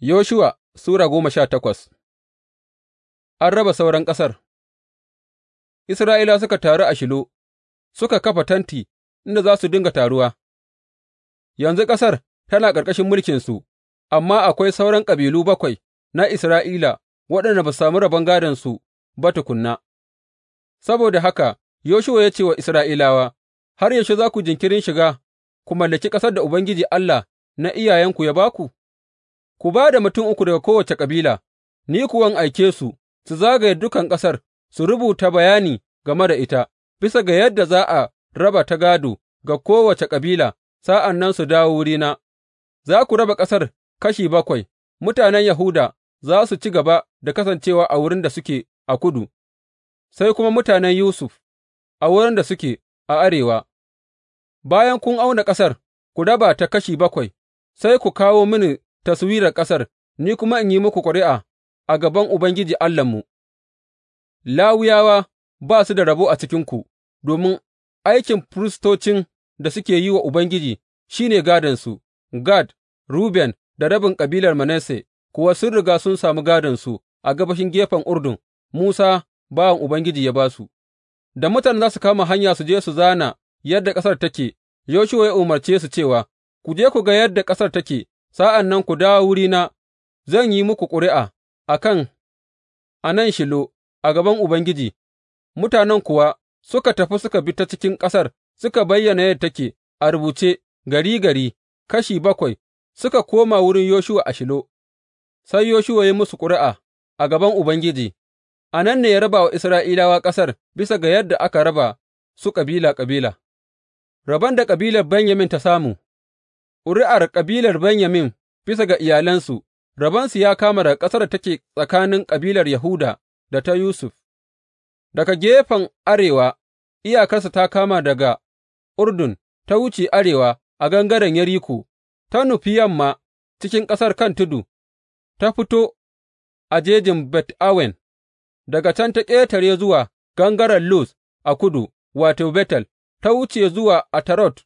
Yoshuwa Sura goma sha takwas An raba sauran ƙasar Isra'ilawa suka taru a Shilo suka kafa tenti inda za su dinga taruwa, yanzu ƙasar tana ƙarƙashin mulkinsu, amma akwai sauran kabilu bakwai na Isra'ila waɗanda ba su sami rabon gādonsu ba tukunna. Saboda haka Yoshuwa ya ce wa Isra'ilawa, Har yaushe za ku jinkirin shiga, ku mallaki ƙasar da Ubangiji Allah na iyayenku ya ba ku? Ku ba da mutum uku daga kowace kabila, ni kuwa in aike su su zagaye dukan ƙasar su rubuta bayani game da ita, bisa ga yadda za a raba ta gādo ga kowace kabila, sa'an nan su dawo wurina, za ku raba ƙasar kashi bakwai, mutanen Yahuda za su ci gaba da kasancewa a wurin da suke a kudu, sai kuma mutanen Yusuf a wurin da suke a arewa. Bayan kun auna ƙasar, ku raba ta kashi bakwai, sai ku kawo mini taswirar ƙasar, ni kuma in yi muku ƙuri'a a gaban Ubangiji Allahnmu, Lawiyawa ba su da rabo a cikinku, domin aikin firistocin da suke yi wa Ubangiji shi ne gādonsu, Gad, Ruben da rabin kabilar Manasse kuwa sun riga sun sami gādonsu a gabashin gefen Urdun, Musa bawan Ubangiji ya ba su. Da mutane za su kama hanya su je su zana yadda ƙasar take, Yoshuwa ya umarce su cewa, Ku je ku ga yadda ƙasar take, Sa'an nan ku dawo wurina, zan yi muku ƙuri'a a kan a nan Shilo a gaban Ubangiji, mutanen kuwa suka tafi suka bi ta cikin ƙasar suka bayyana yadda take a rubuce gari gari, kashi bakwai, suka koma wurin Yoshuwa a Shilo, sai Yoshuwa ya musu ƙuri'a a gaban Ubangiji, a nan ne ya raba wa Isra'ilawa ƙasar bisa ga yadda aka raba su kabila kabila. Rabon da kabilar Benyamin ta samu. Ƙuri'ar kabilar Benyamin bisa ga iyalansu, rabonsu ya kama daga ƙasar da take tsakanin kabilar Yahuda da ta Yusuf, daga gefen arewa, iyakarsa ta kama daga Urdun, ta wuce arewa a gangaren Yeriko, ta nufi yamma cikin ƙasar kan tudu, ta fito a jejin Bet Awen, daga can ta ƙetare zuwa gangaren Luz a kudu, wato, Betel, ta wuce zuwa Atarot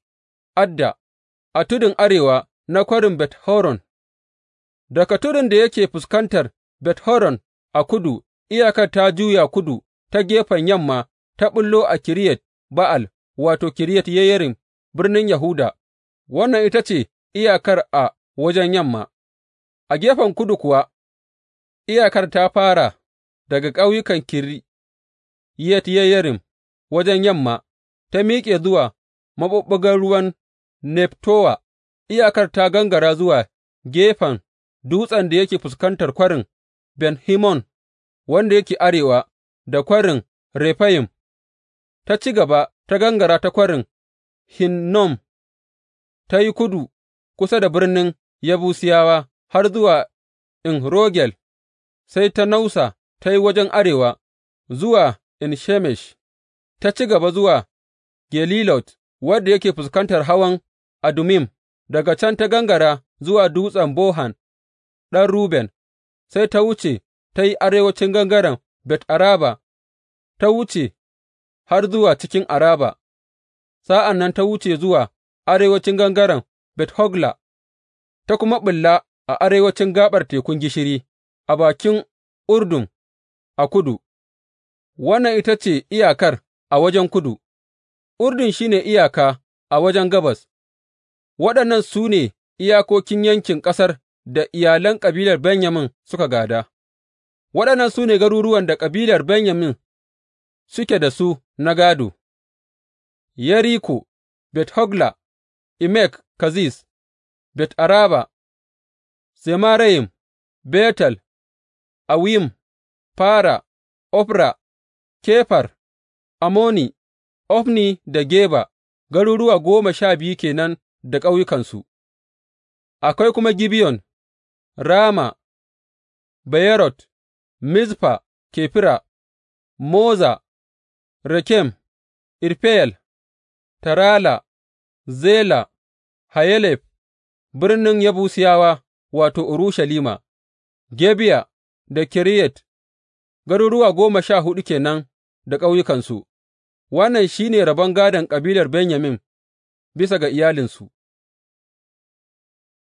Adda, a tudun arewa na kwarin Bet Horon, daga tudun da yake fuskantar Bet Horon a kudu, iyakar ta juya kudu ta gefen yamma ta ɓullo a Kiriyat Ba'al, wato, Kiriyat Yeyarim, birnin Yahuda, wannan ita ce iyakar a wajen yamma, a gefen kudu kuwa iyakar ta fara daga ƙauyukan Kiriyat Yeyarim wajen yamma, ta miƙe zuwa maɓuɓɓugar ruwan Neftowa, iyakar ta gangara zuwa gefen dutsen da yake fuskantar Kwarin Ben Hinnom, wanda yake arewa da Kwarin Refayim, ta ci gaba ta gangara ta Kwarin Hinnom, ta yi kudu kusa da birnin yabusiyawa har zuwa in Rogel, sai ta nausa ta yi wajen arewa zuwa in Shemesh, ta ci gaba zuwa Gelilot, wanda yake fuskantar hawan. Adummim, daga can ta gangara zuwa dutsen Bohan ɗan Ruben, sai ta wuce ta yi arewacin gangaren Bet Araba, ta wuce har zuwa cikin Araba, sa'an nan ta wuce zuwa arewacin gangaren Bet Hogla, ta kuma ɓulla a arewacin gaɓar Tekun Gishiri, a bakin Urdun a kudu, wannan ita ce iyakar a wajen kudu, Urdun shi ne iyaka a wajen gabas. Waɗannan su ne iyakokin yankin ƙasar da iyalan kabilar Benyamin suka gāda; waɗannan su ne garuruwan da kabilar Benyamin suke da su na gādo, Yeriko, Bet Hogla, Emek Keziz, Bet Araba, Zemarayim, Betel, Awwim, Fara, Ofra, Kefar, Amoni, Ofni da Geba, garuruwa goma sha biyu kenan. da ƙauyukansu, akwai kuma Gibeyon, Rama, Beyerot, Mizfa, Kefira, Moza, Rekem, Irfeyel, Tarala, Zela, Hayelef, birnin Yabusiyawa, wato, Urushalima, Gebiya da Kiriyat, garuruwa goma sha huɗu ke nan da ƙauyukansu, wannan shi ne rabon gādon ƙabilar Benyamin. bisa ga iyalinsu.